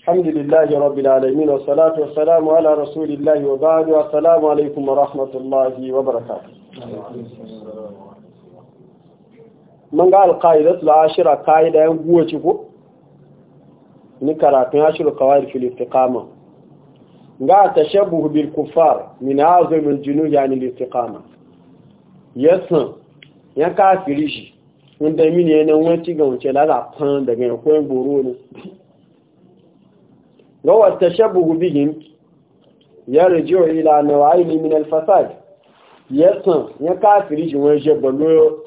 الحمد لله رب العالمين والصلاة والسلام على رسول الله وبعد والسلام عليكم ورحمة الله وبركاته من قال القاعدة العاشرة قائدة ينبوة شكو نكرا تنعشر القوائد في الاتقامة قال تشبه بالكفار من أعظم الجنود عن الاتقامة يسن ينكافر شي wanda mini yana wanci ga wuce lalatan daga yankuwan boro ne وهو التشبه بهم يرجع إلى نوعين من الفساد يسن يكافر جوان جبلو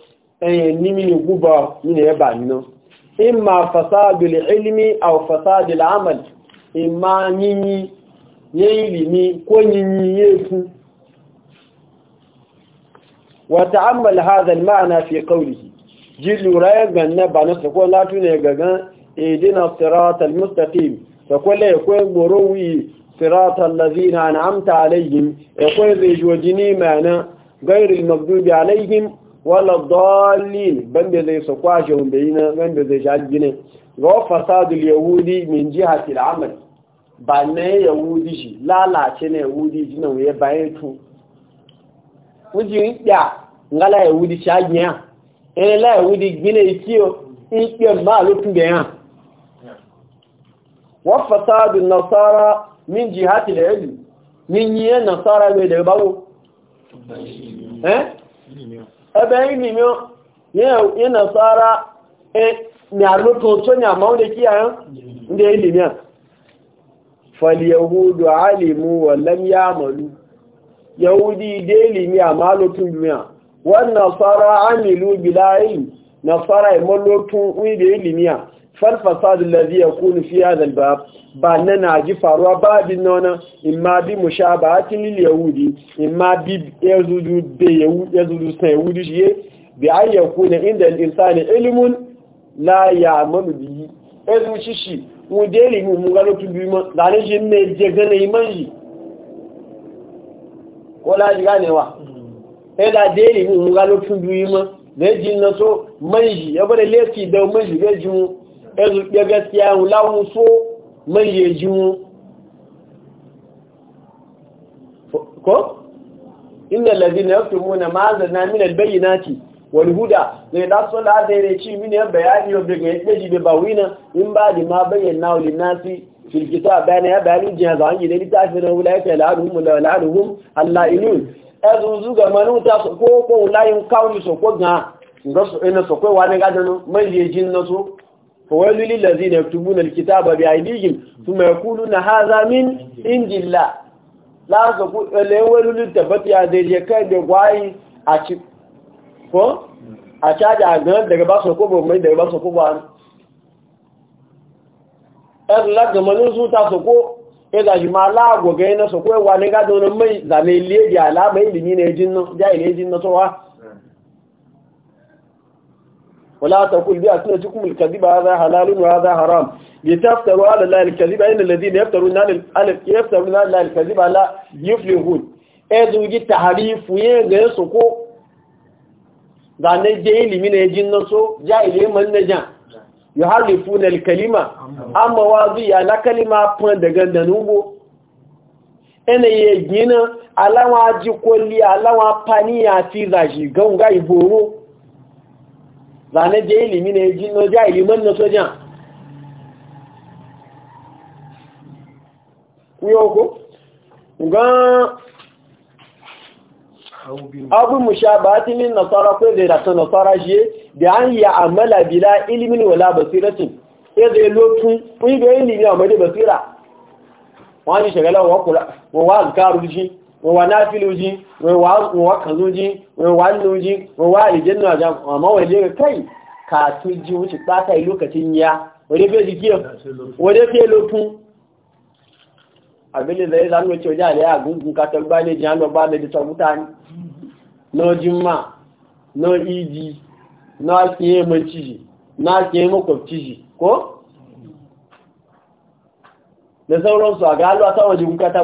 أن يمين قبا من يبعنه إما فساد العلم أو فساد العمل إما نيني يلمي كونيني يسو وتعمل هذا المعنى في قوله جل رايق أن نبع نصر قول لا تنهي قدنا إيدنا الصراط المستقيم sakwale ya kwaye morowi siratan lazina na amta alayhim ya kwaye zai joji nema na gairil magdubi alayhim wala dalil banda zai sakwashe wanda yi na banda zai shaji ne ga fasadul yahudi min jihati al'amal ba na yahudi shi lalace na yahudi shi na wuye bayan tu wujin ya ngala yahudi shaji ya ene la yahudi gine ikiyo ikpe ma alopin da ya وفساد النصارى من جهة العلم من يه النصارى بيدي باو ها أبين Ebe يه النصارى e, ni a lókun tó ní àmọ́ ní kí àyán ní ndị ní à fàlì yahudu alimu wàlẹ́m ya àmàlú yahudi dé ilé ní ma nasara amilu fal fasadin lalzi ya kuni ba ba na na ji faruwa ba bin nona in bi mu sha ba hakin lil bi ya zuru sa yahudi shi ye bi an ya kuni la ya manu bi ya zuci deli mu mu gano tun biyu man da shi ne je gane iman shi ko la ji ganewa ya da deli mu mu gano tun biyu man da ya ji na so man shi ya bada lefi da man shi zai ji mu ya zuɓe gaskiya wulawun so mai ji mu ko? inna lalzina ya fi muna ma'azar na minal bayyana ce wani huda zai da su da zai rai ci mini yan bayani yau daga ya ɗaji bai bawi na in ba da ma bayyana wuli nasi filkita bayan ya bayani jiya za a yi da littafi na wula ya kai la'aduhun la'aduhun allah inun ezuzu ga manuta ko ko layin kawai so ko ga ngaso ina so ko wani gadanu mai yejin na so فويل للذين يكتبون الكتاب بأيديهم ثم يقولون هذا من عند الله لا تقول الأول للتفت يا دي كان دواي أشي ko a caji a gan daga ba su kobo mai daga ba su kobo an ɗan lagamanin su ta su ya zaji ma lagogai na su ko yawa ne gado nan mai zane liye da alamai limi na yajin na tsowa ولا تقول بأسنتكم الكذب هذا حلال وهذا taftarwa لتفتروا على الله الكذب إن الذين يفترون على الله الكذب لا يفلحون إذا وجد تحريف ويغير سكو zane jahili mina ya jin naso jahili man na jan yi harifu kalima amma wazi ya na kalima fan da ganda nubo ina yi gina alawa jikolli alawa fani ya fi zashi ganga iboro zane je ilimi ne ji no ja ilimin na sojan yoko gan abu mushabati min nasara ko da da nasara je da an ya amala bila ilimin wala basiratin sai da lotun kun ga ilimi amma da basira wani shagala wa kula wa wa azkaru shi wọ́n wà náàfíìlú jí wọ́n wà kànlú wọ́n wà nínú jí wọ́n wà wọ́n lè kai kàtú jí wọ́n ti lokacin ya wọ́n fẹ́ abẹ́lẹ̀ lẹ́yìn lánàá tí ó jẹ́ àlẹ́ àgúngún katọgbá ní jẹ́ àlọ́gbá lẹ́dí sọmúta da sauransu a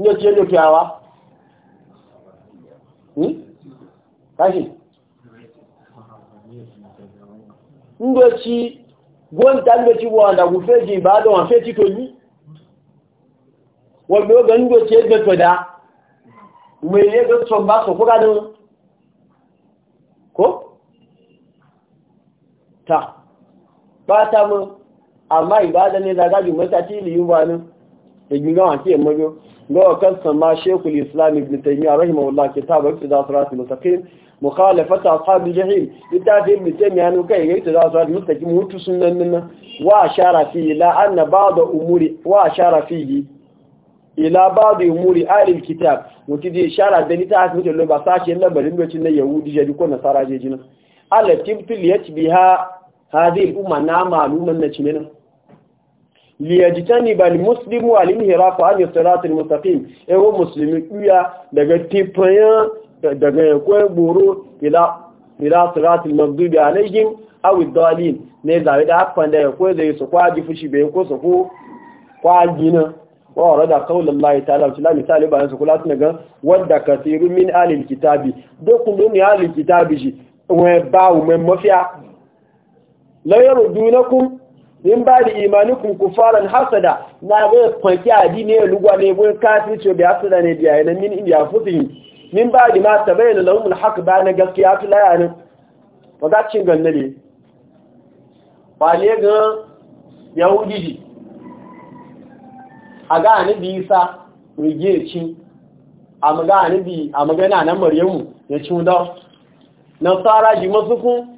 ní ọjọ́ ló fi àwá káṣì ndochi gwonta ndochi wanda gufeji ibada wa feti toji wanda oga ndochi ebe toda mai ego tsomba so kuka din ko ta ba ta mu amma ibada ne zagaji matashi liyu ba nan da gina wa ke majo ga kan sama shekul islam ibn taymiya rahimahullah kitab al-iqtida sirat al-mustaqim mukhalafata ashab al-jahim ita da ibn taymiya no kai yayi da sirat al-mustaqim hutu sunan nan wa ashara fi la anna ba'd umuri wa ashara fi ila ba'd umuri ahli kitab muti da ishara da lita asu da ba sashi labarin lokacin na yahudi jadi ko nasara je jina yatbiha hadhihi al-umma na maluman na liyajtaniba almuslimu alinhirafu an siratil mustaqim ewo muslimi kuya daga tifayan daga kwai buru ila ila siratil maghdubi alayhim aw ad-dallin ne zawi da afan da kwai zai su kwaji fushi bai ko su ko kwaji na wa rada qaulullahi ta'ala shi la misali bayan su kula tun ga wanda kasiru min alil kitabi dokun min alil kitabi shi wa ba'u mu mafiya la yarudunakum min ba da imanikun kufaran hasada na ga fanki adini ya lugwa ne bin kafin ce da hasada ne biya yanar min indiya yi min ba da mata bayyana launin haka ba na gaskiya tu layanin ba za cin ganna ne ba ne ga yahudi ji a ga ni bi isa rige ci a magana nan maryamu ya ci wuda nasara ji masukun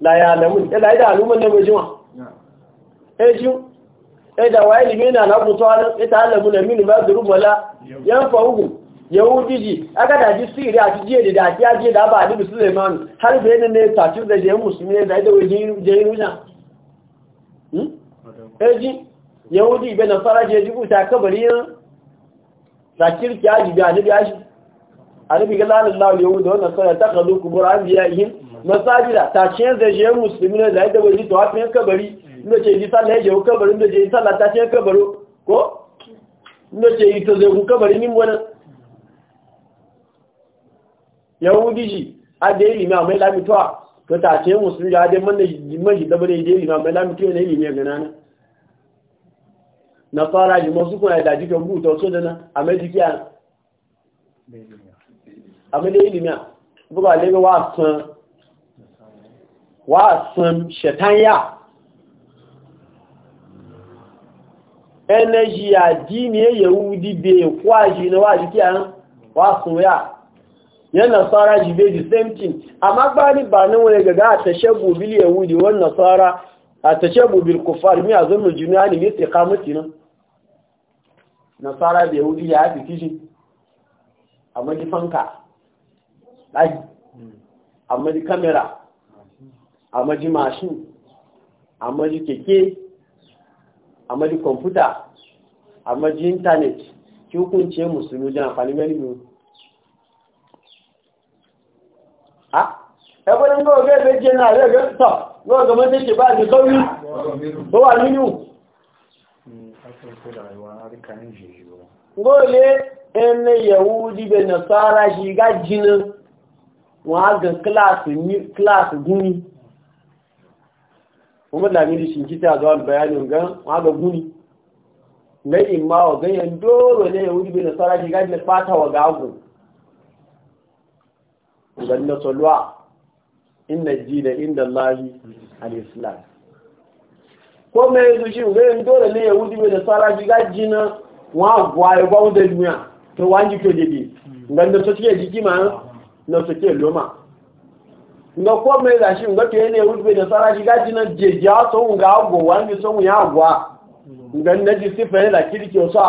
la ya lamun da la da aluman da majima eh, eh shi eh da waye limi na na kuto an ita alamu na min ba duru bala yan fa'u yahudiji aka da ji siri a ji jiye da a aje da ba alibi suleiman har da yana ne tatir da je musulmi ne da e da waje je ruja hm eh ji yahudi be na fara je jibu ta kabari yan zakir ki aji ga shi aji alibi ga lalallahu yahudu wannan sai ta kazo kubur anbiya'ihim masajida ta ce yanzu ya je musulmi na zai da wajen tawafi yan kabari inda ce yi sallah ya je kabari inda ce yi sallah ta ce kabaro ko inda ce yi ta zai ku kabari min wani yahudi ji a da ilimi a mai lamitowa ka ta ce musulmi ya dai man shi da bane da ilimi a mai lamituwa na ilimi a ganana na fara ji masu kuna da jikin buta so da na a mai jikiya a mai da ilimi a buga lega wa san wa san shatanya energy addini ya wudi be kwaji na wa jiki an wa soya yan nasara ji be the same thing amma bani ba nan wani gaga a tashabbu bil yahudi wan nasara a tashabbu bil kuffar mi azumul junani mi istiqamati nan nasara be yahudi ya fi kishi amma ji fanka hmm. amma ji kamera a maji mashin a maji keke a maji kwamfuta a maji intanet ki hukunce musulmi jan amfani gani a ẹgbẹ́rin náà gẹ́ ẹgbẹ́ jẹ́ náà rẹ̀ gẹ́ tọ̀ náà da tí kì bá ní sọ́rí tó wà nínú gọ́ọ̀lẹ́ ẹnẹ yẹ̀wú díbẹ̀ nà sára ṣe gá jiná wọ́n kuma lamini shi kita zuwa bayanin gan waga guni na imma wa ganyen doro ne ya wuri da nasara shi gaji na fata wa gago gan na solwa inna da inda lahi al-Islam ko mai yanzu shi ganyen doro ne ya wuri da nasara shi gaji na wa gwaye gwamnan duniya ta wani kyau jade gan na soke jiki ma na soke loma nga ko mai da shi nga to yana rufe da sara shi gaji na jeja so nga agwa wani so ya agwa nga na ji sifa yana kirki so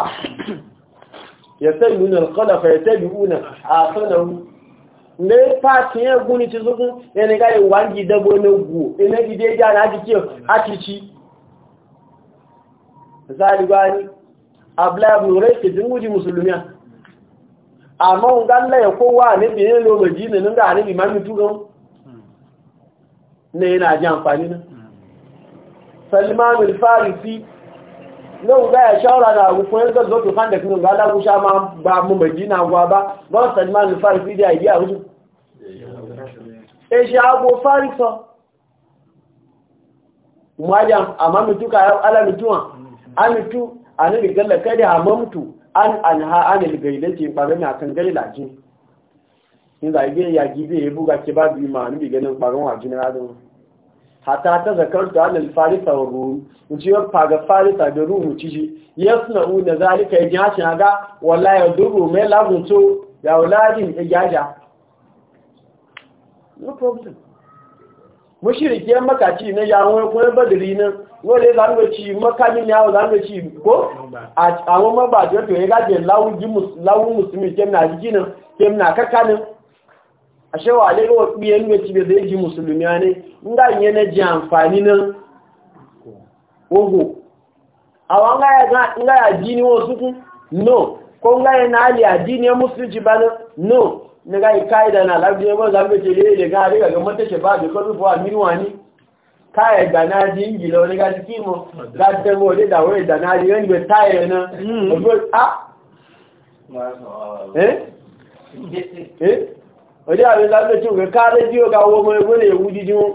ya sai mun alqala fa yatabiuna asanahu ne pati ya guni ti zugun yana ga yi wangi dabo na gu ina ji dai ja na ji ki akici zalibani abla ibn rafi dinguji musulmiya amma ngan la ya kowa ne bi ne lo majina nan da ne bi mamitu gan na yana ji amfani nan salman al-farisi nan ga ya shawara da abu kuma yanzu zo to fan da kin ga da sha ma ba mu madina gwa ba ba salman al-farisi da yi a wuce eh shi abu farisa mwaja amma mutu mutuka ala mutuwa amitu anan galla kada amamtu an anha anil gailati ba ga na kan galilaji inda ya ya gibe ya buga ke ba bi ma ni ganin faran wa jina da hatta ta zakar zakartu alal farisa wa rum uji wa paga farisa da ruhu ciji yasna u na zalika ya jashi ga wallahi duru me lagunto ya wladin ya jaja no problem mushrike makaci ne ya wani kuma badiri ne wale zan ga ci makami ne ya zan ga ci ko a awon mabajo to ya gaje lawu ji mus lawu muslimi kenan jikinin kenan kakanin ashe wa alaihi wa biyan ne ci da zai ji musulmi ne in da yin na ji amfani nan ogo awon ga ya ga wasu ga no ko ga na ali addini ya musulunci ba no ne ga kai da na labi ne ba za mu ce le ga ga ga mata ce ba da ko ruwa min wani kai ga na ji ingila ne ga ji mo ga da mo le da wai da na ji ne ga tai na hmm. a eh eh ọdí àwọn ìlànà tí ó rẹ̀ káàrẹ́ tí ó ga owó ọmọ ẹgbẹ́ lè wú jíjí wọn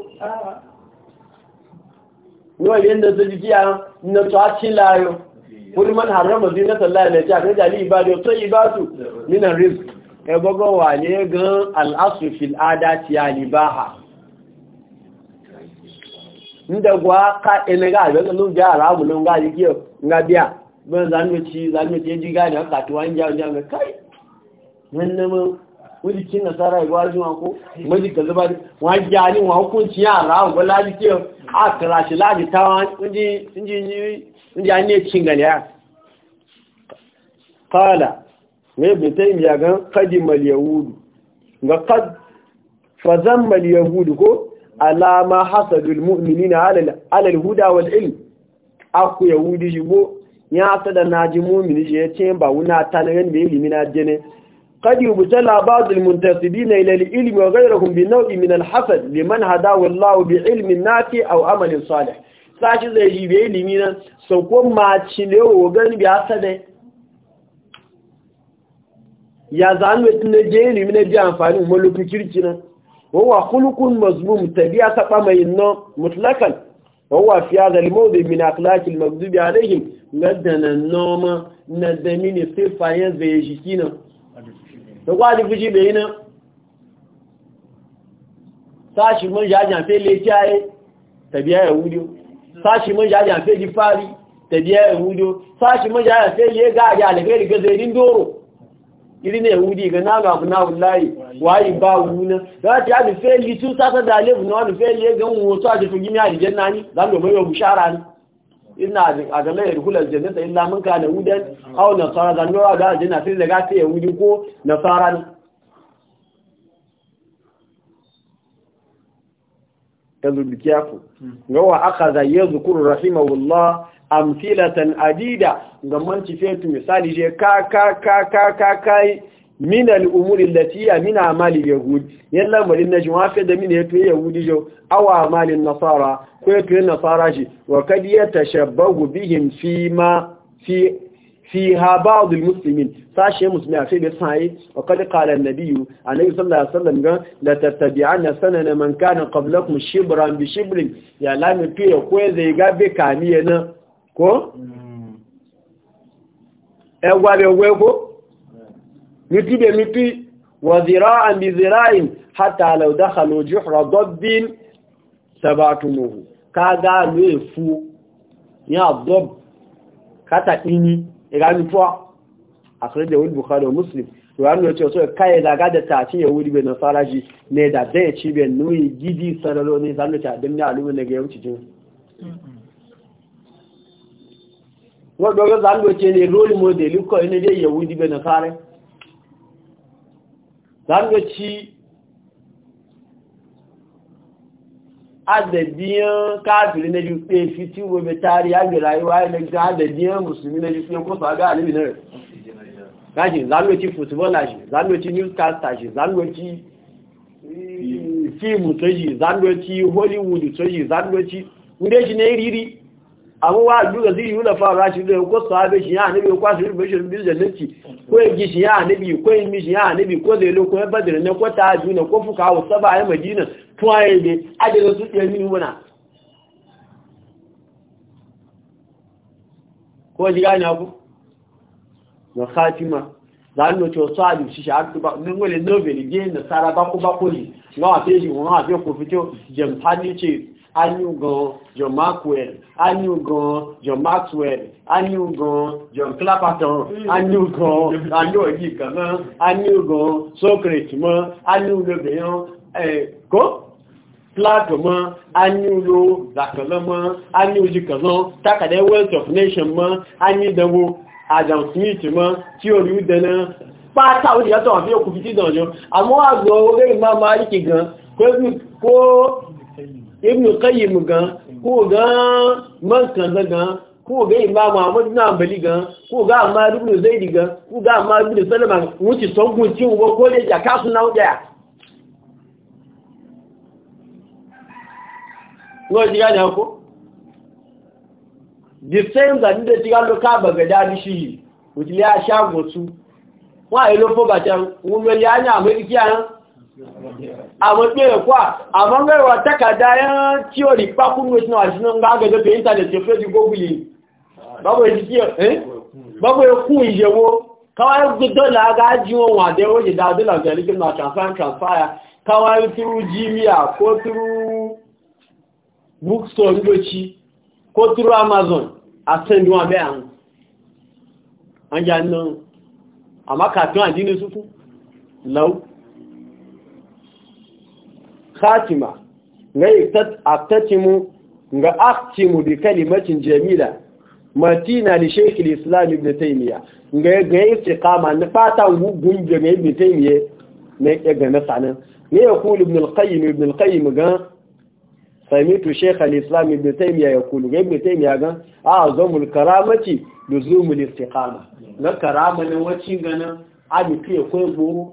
ní wọ́n yẹn lọ́tọ́ jíjí à ń nọ́tọ́ àti láàyò wọ́n ni mọ́n àrọ́mọ̀ sí nẹ́tọ̀ láàrín ẹ̀tí àkẹ́jà ní ìbájú gan al'asufil ada ti alibaha ndagwa ka enega abẹ́gbẹ́ ló jẹ́ ara àmúlò ńgá giya wani kin nasara ya gwaji wa ko maji ka zuba wa jani wa hukunci ya ra ko laji ke a kira shi laji ta inji inji inji an ne cin gani ya kala me bi ya ga qadim yahud ga kad fazam al yahud ko alama ma hasadu al mu'minina ala huda wal ilm aku yahudi jibo ya sada naji mu'mini je ce ba wuna ta ne ne limina jene قد يبتلى بعض المنتسبين إلى العلم وغيرهم بنوع من الحسد لمن هداه الله بعلم نافع أو عمل صالح ساشي زي جيبي لمينا سوكو ما تشيلو وغن بياسده يا زانو تنجي لمينا بيا انفاني ومولو كيكيرتنا هو خلق مظلوم تبيا سقام ينو مطلقا هو في هذا الموضع من أخلاق المكذوب عليهم ندنا النوم ندمين صفا ينزي يجيكينا da kwaji fushi bai yi nan sashi mun jajan fe le jaye tabiya ya wudo sashi mun jajan fe di fari tabiya ya wudo sashi mun jajan fe le ga ya alheri ga zairin doro iri ne wudi ga naga abu na wallahi wayi ba wuna za ta yi fe li tun sata da lebu na wani fe le ga mu wato a jifin gimi a jijen nani zan domin yau bushara ne ina a ga layar jannata illa mun ka na wudan aw nasara dan yawa da jina sai daga ta ya wudi ko nasara ne kazu bikiyafu gawa ya zukuru rahimahullah amfilatan adida ga manci fetu misali je ka ka ka ka ka kai min al'umuri latiya min amali yahudi yan lamarin na jima fi da min ya tuye yahudi jau awa amalin nasara ko ya tuye nasara shi wa kad ya tashabbahu bihim fi ma fi fi ha ba'dul muslimin sashe musulmi a sai da sai wa kad qala an-nabiyyu alayhi sallallahu alaihi wasallam ga la sanana man kana qablakum shibran bi shibrin ya lami ko zai ga be na ko e gwa ko miti da miti wa zira'an bi zira'in hatta law dakhalu juhra dabbin sabatumuhu kaga me fu ya dab kata dini igani fuwa akare da wani bukhari muslim ruwan ya ce so kai da daga da ci ya wuri bai nasara ji ne da zai ci bai nuyi gidi sararo ne zanu ta dan ya alumi ne ga yau cikin wadda ga zanu ce ne role model ko ne dai ya wuri bai nasara zanga ci adadiyan kafiri na ju pe fiti wo be tari agbe rayuwa ile ga adadiyan musulmi na ju pe ko so aga alibi nare gaji zanga ci footballer ji zanga ci newscaster ji zanga ci fíìmù to yìí zanga ci hollywood to yìí zanga ci wunde shi ne riri àwọn wá àdúgbò sí ìwúlò fáwọn aṣílẹ̀ kó sọ abẹ́ ṣe yáà níbi kó aṣílẹ̀ bẹ́ṣẹ̀ bí zẹ̀lẹ́tì kó èjì ṣe yáà níbi kó èmi ṣe yáà ko kó lè lókun ẹbẹ̀ dẹ̀rẹ̀ ní kó ta àdúgbò kó fún káwọ̀ sọ́bà ayẹ́mẹ̀dínà fún ayẹyẹ ajẹ́lẹ̀ tó ti ẹni wọn. kó jí gáyìn akú na khatima láàrin òtí ọ̀sọ́ àdù ṣiṣẹ́ àdúgbà nígbẹ̀lẹ̀ náà bẹ̀rẹ̀ gé na sára bákúbákú ko lọ́wọ́ àfẹ́ yìí wọ́n àfẹ́ kò fi tó jẹ̀m̀pá ní new gan John Maxwell new gan John Maxwell new gan John Clapperton hmm. anyu gan anyu oyi kan náà anyu gan Socrates mọ́ anyu lóbìnrin ẹ̀ eh, kó plato mọ́ anyu lo zakanlọ́ mọ́ anyu jikanlọ́ takadẹ́ wealth of nation mọ́ anyu dẹwo Adam Smith mọ́ tí orí ó dẹná pátá ó dìyàtọ̀ àfihàn kò fi tí dànjọ́ àmọ́ àgbọ̀ orí máa máa ríkì gan kó ibn qayyim gan ko gan man kaza gan ko ga imam ahmad na ambali gan ko ga amma ibn zaid gan ko ga amma ibn salama wuce son gunci ubo ko da jaka suna wuya no ji ga ko the same that the tiga lo ka ba ga dadi shi wujili a shago su wa ilo fo ba tan wun le ya nya amerika a matsayin kwa a bangarwa takarda yan ciwo ripa kunu wasu na wasu nan gaga da ta intanet ya fi goguli babu ya jiki eh babu ya da dola da rikin na transfer kawai turu jimiya ko ko amazon a a lau khatima ga aftatimu nga aftimu bi kalimatin jamila matina li sheikh al-islam ibn taymiya ga ga istiqama na fata gunje ga ibn taymiya ne ga na sana ne yaqul ibn al-qayyim ibn al-qayyim ga samitu sheikh al-islam ibn taymiya yaqulu ga ibn taymiya ga azamul karamati luzumul istiqama na karama ne wacin ga nan abi ke koyo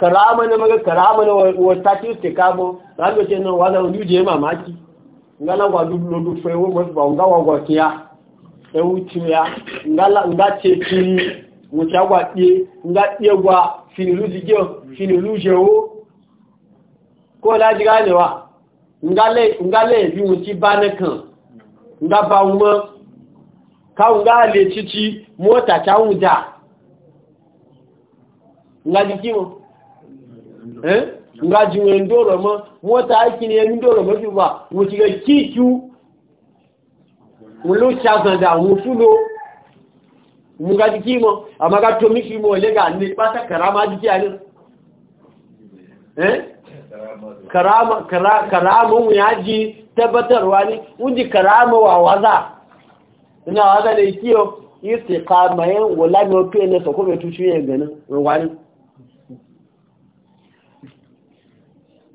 karama na maga karama na wata ti te kabo rago ce nan wala unu je mamaki ngala gwa dublo du fe wo mo ba ngawa wa kiya e wuci ya ngala nga ce ki mo cha gwa ti nga ti gwa finilu je finilu je wo ko la diga ne wa ngale ngale bi mu ti ba ne kan nga ba mo ka nga le chichi mota cha unja nga dikimo eh nga jiwe ndoro mo mota akini ya ndoro mo juba mo ti kichu mo lo chaza da mo fulo mo ga dikimo amaga to mi kimo le ga ni pata karama diki ani eh karama kara karama mu yaji tabbatarwa ne unji karama wa waza ina waza da kiyo istiqamayen wala no pene so ko be tuciye ganin wani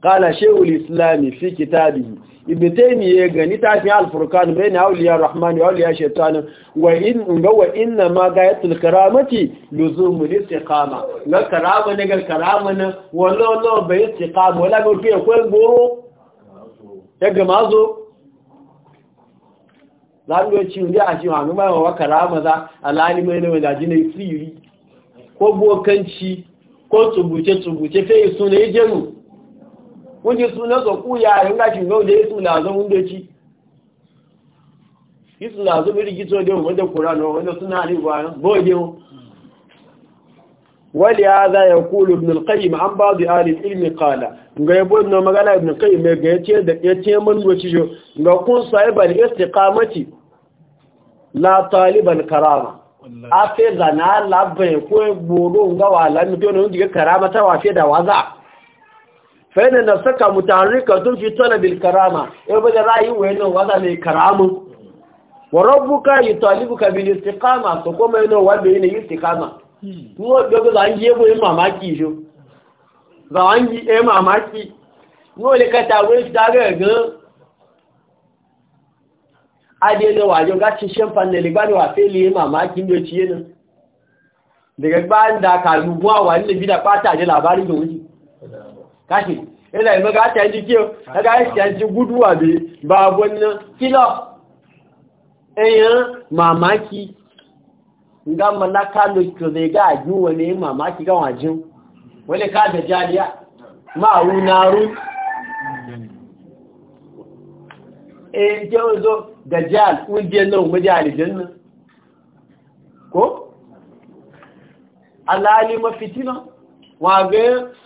kala shehul islami fi kitabi ibn taymiye gani ta fi alfurkan bayna awliya rahmani wa awliya shaytan wa in ga wa inna ma gayatul karamati luzum istiqama la karama ne gal karama ne wallo lo bay istiqama wala go fi ko goro daga mazo lan go ci ndi aji wa numa wa karama za alani mai ne da jinai fi yi ko bo kanci ko tubuce tubuce fe sunai jenu Kun wunji suna so ku yayin gashi ga da su na zo mun da ci isu na zo biri gito da wanda Qur'an wanda suna ne ba boye wali hadha yaqulu ibn al-qayyim an ba'd ahli al-ilm qala ga yabo ibn magana ibn qayyim ga yace da yace mun wuce jo ga kun sahiba al-istiqamati la taliban karama afe zana labbe ko gboro ga wala mi to ne diga karama ta wafe da waza fẹ́ẹ̀nà na saka mutarika tun fi talabil karama ya bada ra'ayi wayannan wada mai karamun wa rabbuka yutalibuka bil istiqama to kuma yana wanda yana istiqama mu da ga an je boye mamaki jo ga yi mamaki mu le ka ta da ga ga ade ne wa jo ga ci shampan ne le ba wa feli mamaki ndo ciye nan daga ba da ka rubuwa wani da bida pata je labari da wuri káṣì ilẹ̀ yi tẹ́jú kí o ẹgbẹ́ ìṣẹ́jú gúdú àbí bá agbó ní kílọ̀ ẹ̀yàn mamaki ga malaka lókè rẹ̀ ga ajú wọn ní mamaki gáwọn ajú wọ́n lè káàdẹ̀ járíà máa rú náàrú ẹjẹ́ ozo dajjal oúnjẹ náà mọ́jẹ́ àlìjẹ́ náà ko alali mafitina wa ga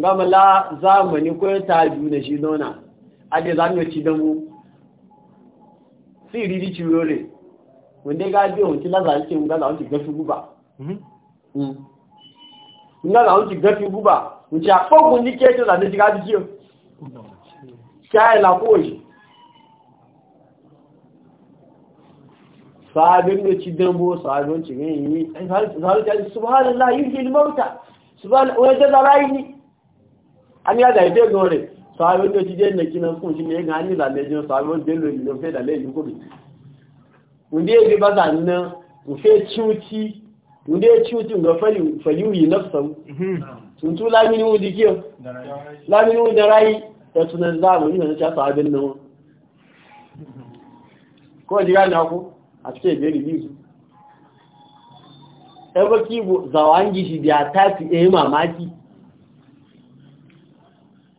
gama la zamani ko ta na shi nona ade zamu ci dan mu si riri ci yore wanda ga bi on ti lazari ce ci zan gafi guba mhm zan mm. gafi guba mu ci apogun ni ke to ci ga ciyo la ko sabin da ci dan sabin ci ne yi an ya da ife gan rẹ̀ sọ́wọ́n tó ti jẹ́ nìkí náà fún ìṣẹ́ gan nílà lẹ́jọ́ sọ́wọ́n tó lò ìlú fẹ́ dàlẹ́ ìlú kòbí ǹdí èdè bá dà nínú fali tíútí na tíútí ǹkan fẹ̀yú yìí lọ́pọ̀sọ̀wọ́ tuntun lámínú di kí o lámínú dára yìí ẹ̀tún náà záàmù yìí náà ṣàtọ̀ abẹ́ náà kọ́ ìdíra náà kú àti ìbéèrè yìí ẹgbẹ́ kí zawangi shi biya ta fi ɗaya mamaki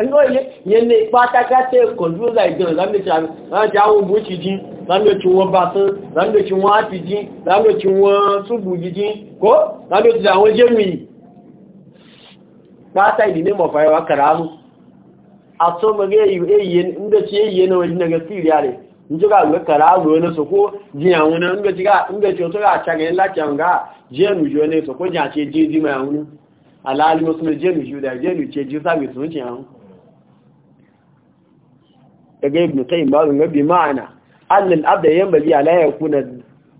ẹgbẹ́ yẹn pátákátẹ́ kọ̀dúrà ìjọrọ̀ lámẹ́jáwọn bó jí lámẹ́tí wọn bá tán lámẹ́tí wọn á ti jí lámẹ́tí wọn túbù jíjí kó lámẹ́tí àwọn jẹ́mì pátá ìdílé mọ̀fàyẹwà kàràánù àtọ́mọ̀gẹ́ èyí náà wọ́n jí nẹ́gẹ́ sí ìrìà rẹ̀ jí àwọn tó ń jẹ́ àwọn daga ibn qayyim ba ga bi ma'ana annal abda yanbaghi ala yakuna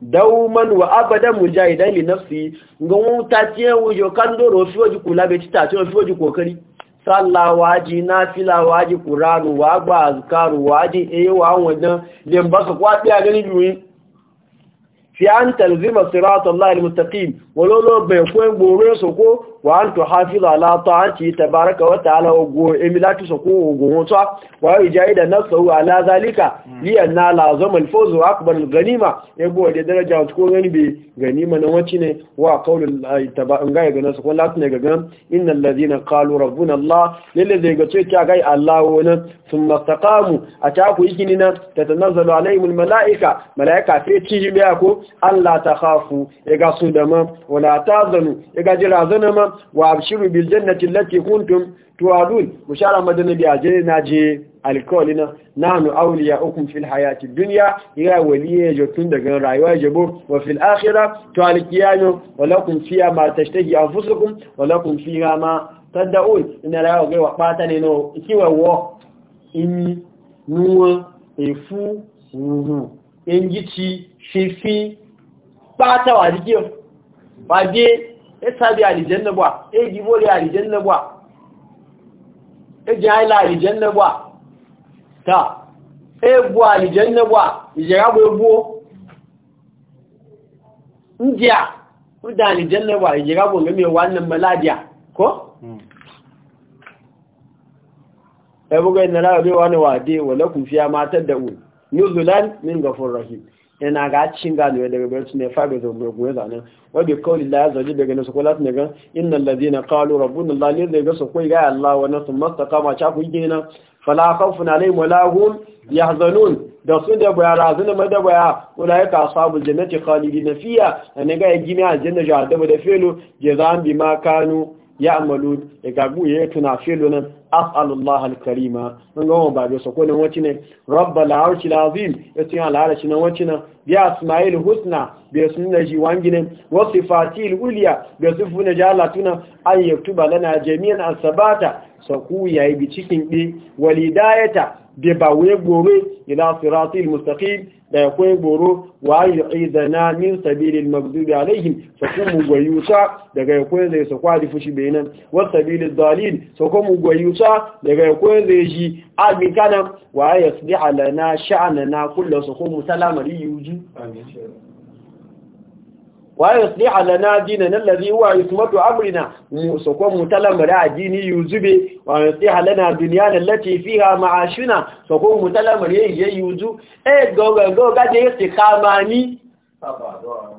dauman wa abadan mujahidan li nafsi ngon ta ce wujo kan doro fi waji kula be ta ce fi waji kokari sallah waji nafila waji qur'anu wa ba azkaru waji eh wa wadan len baka kwa biya gani duyi fi an talzima siratal lahi almustaqim walolo be ko ngoro soko wa an tuhafizu ala ta'ati tabaraka wa ta'ala wa go emilatu soko go hota wa yajida nafsuhu ala zalika hmm. li anna la zamal fawz wa akbar al ganima yabo da daraja ko gani be ganima na wace ne wa qaulul tabaraka ga ga nasu ko lati ne ga gan innal ladina qalu rabbuna allah lalle zai ga ce ta gai allah wona thumma istaqamu ataku yikini na tatanazzalu alaihim al malaika malaika sai ci biya ko allah ta khafu ya ga su da ma wala tazanu ya ga jira ma? gan wa abshiru bil jannati allati kuntum tu'adun bushara madana bi ajri naji alkolina nanu awliyaukum fil hayati dunya ya waliye jo tun daga rayuwa jabo wa fil akhirah tu'alikiyanu wa lakum fiya ma tashtahi anfusukum wa lakum fiya ma tad'un Ina la yawa pata ne no kiwa wo imi nuwa efu wuhu enjichi Fifi, pata wa dikio ẹ́sàbí àlìjẹ́nẹ́bọ̀à ẹ́gbìmọ́rí àlìjẹ́nẹ́bọ̀à ẹ́jẹ́ àìlà àlìjẹ́nẹ́bọ̀à ta ẹ́gbò àlìjẹ́nẹ́bọ̀à ìjẹ̀rábọ̀ egbò ndíà ọdá àlìjẹ́nẹ́bọ̀à ìjẹ̀rábọ̀ mẹ́mẹ́ wà ní mẹ́láàdíà kọ́ ẹgbogbo ìnàláwà bí wọ́n wà dé wọ́lẹ́kùn fi a máa tẹ́dẹ̀wò ní yana ga cin gano daga bayar su ne fabe da zane. zanen wadda kawai la ya zaji daga nasu kula su ne ga inna lazina kalu rabbun allah ne daga su kai gaya allah wa nasu masta kama ca ku gina fala khawfun alaihim wala hum yahzanun da su da baya razana ma da baya ulai ka sabu jannati khalidin fiya ne ga e gina aljanna ja da da felo jazan ma kanu ya amalu ya gagu ya tuna filo nan as'alullah al-karima nan gawo ba bai sako nan wacce ne rabbal ya tuna lalashi nan wacce nan asma'il husna bi sunna ji wangine wa sifatil uliya bi sifuna jalla tuna an yaktuba lana jami'an asbata ya yi bi cikin bi walidayata bi bawe gore ila siratil mustaqim da akwai goro wa idana min sabilil magdubi alaihim sakum gwayusa daga akwai zai su kwadi fushi bainan wa sabilil dalil sakum gwayusa daga akwai zai ji abi kana wa yasbi alana sha'anana kullu sakum salamari yuji amin wa yusliha lana dinana allazi huwa ismatu amrina so mutalam da ajini yuzube wa yusliha lana dunyana allati fiha ma'ashuna so mutalam da yayi yuzu e gogo goga de istiqamani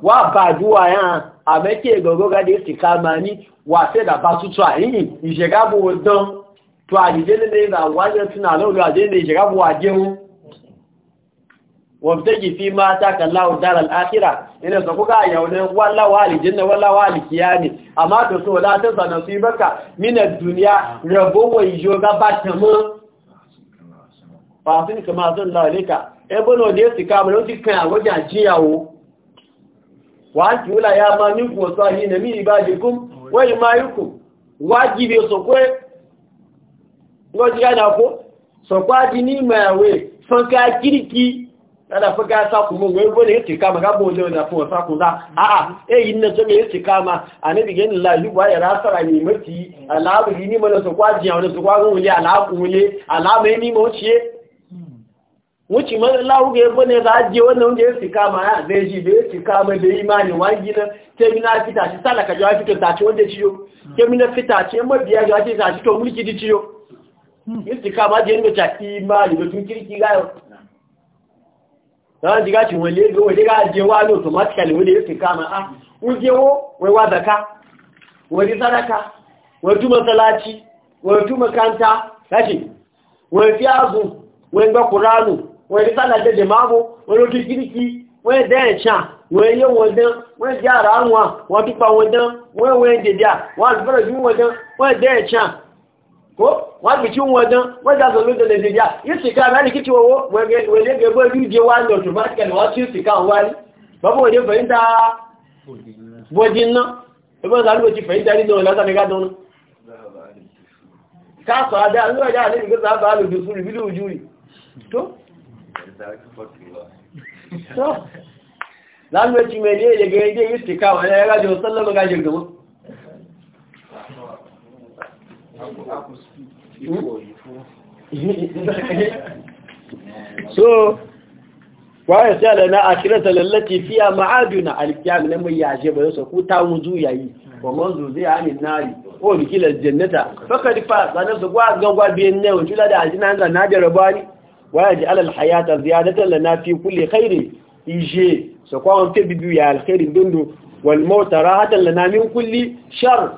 wa baduwa yan ameke gogo ga de istiqamani wa se da batutu ayin ijegabo don to ajele le da wa je alo lo ajele ijegabo wabtaji fi mata taka Allahu daral akhira ina sa kuka yaune wallahi wali jinna wallahi wali kiyami amma to so la ta sana su baka min ad-dunya rabo wai joga batama fa sun kama sun la leka e bono de ti ka mo ti kan awoja jiyawo wa jula ya ma ni ko so hi na mi ibadikum wa ma yukum wajibi so kwe ngoji ana ko so kwa dini mawe fanka kiriki nana fi ga sa kuma wai gole yace kama ga bojo da fa sa ku za a a eh yin na zame yace kama gani ya rasara ni mati alabu ni mana kwaji ya wani kwago wuli alabu wuli alabu ni mo wuci e. man e hmm. ga ne a je wannan wanda yace kama ya zai ji da yace kama da imani fita shi talaka jawa fita ta wanda ciyo fita mabiya jawa ta ci to mulki ne ta imani da tun náà jígá tí wọ́n lé lówó jígá jẹ wá ní automatically wọ́n lè fi a á ń jẹ́ wó zaka sadaka wọ́n túnmọ̀ salaci wọ́n túnmọ̀ kanta láti wọ́n fi azù wọ́n gbọ́ kuranu wọ́n di sadaka jẹ́ máàbò wọ́n ló kíkíríkí wọ́n dẹ́ ẹ̀ṣà wọ́n yé wọn dán wọ́n jẹ́ ara wọn wọ́n túpa wọn ko wọ́n bí kí wọ́n dán wọ́n dá sọ lóòdó lèdè yá yìí sìká rẹ̀ ní kíkí owó wẹ̀lẹ́ gẹ̀gbẹ́ rí di wá lọ tó bá kẹ̀lẹ̀ wọ́n tí sìká wọ́n wáyé bọ́bá òde fẹ̀yìntà bọ́dí ná ẹgbẹ́ ìsàlùwò ti fẹ̀yìntà nínú ìlàtàmígá dánú káàkọ̀ adá alúwẹ̀dá àti ìgbésà àbá alùdù fún ìbílù ojú yi tó lálùwẹ̀ ti mẹ́lẹ́ èdègẹ́ ilé yìí sìká wọ́n ẹ̀rẹ́ so a sai da na akirata lallaci fiya ma'aduna alkiyami na mai yashe ba yasa ku ta wuzu yayi wa manzo zai amin nari o nikila jannata faka di fa tsanar su gwa gangwa biyan ne wa jula da ajina hanzar na da rabari wa ya ji alal hayata ziyadatar da na fi kulle khairi ije su kwa wani ta bibiya alkhairi dundu wal mota rahatar da na min kulli shar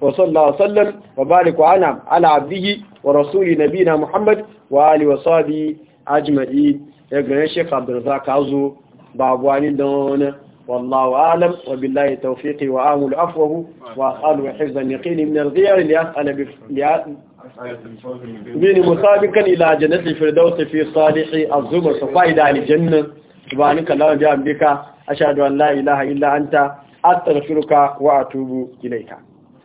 وصلى الله وسلم وبارك وعنم على عبده ورسول نبينا محمد وآله وصحبه أجمعين يقول الشيخ عبد الرزاق عزو بابواني دون والله أعلم وبالله توفيقي وآمل عفوه وأسأله حفظ اليقين من الغير ليسأل من مسابقا إلى جنة الفردوس في صالح الزمر فقائد على الجنة سبحانك اللهم بحمدك أشهد أن لا إله إلا أنت أستغفرك وأتوب إليك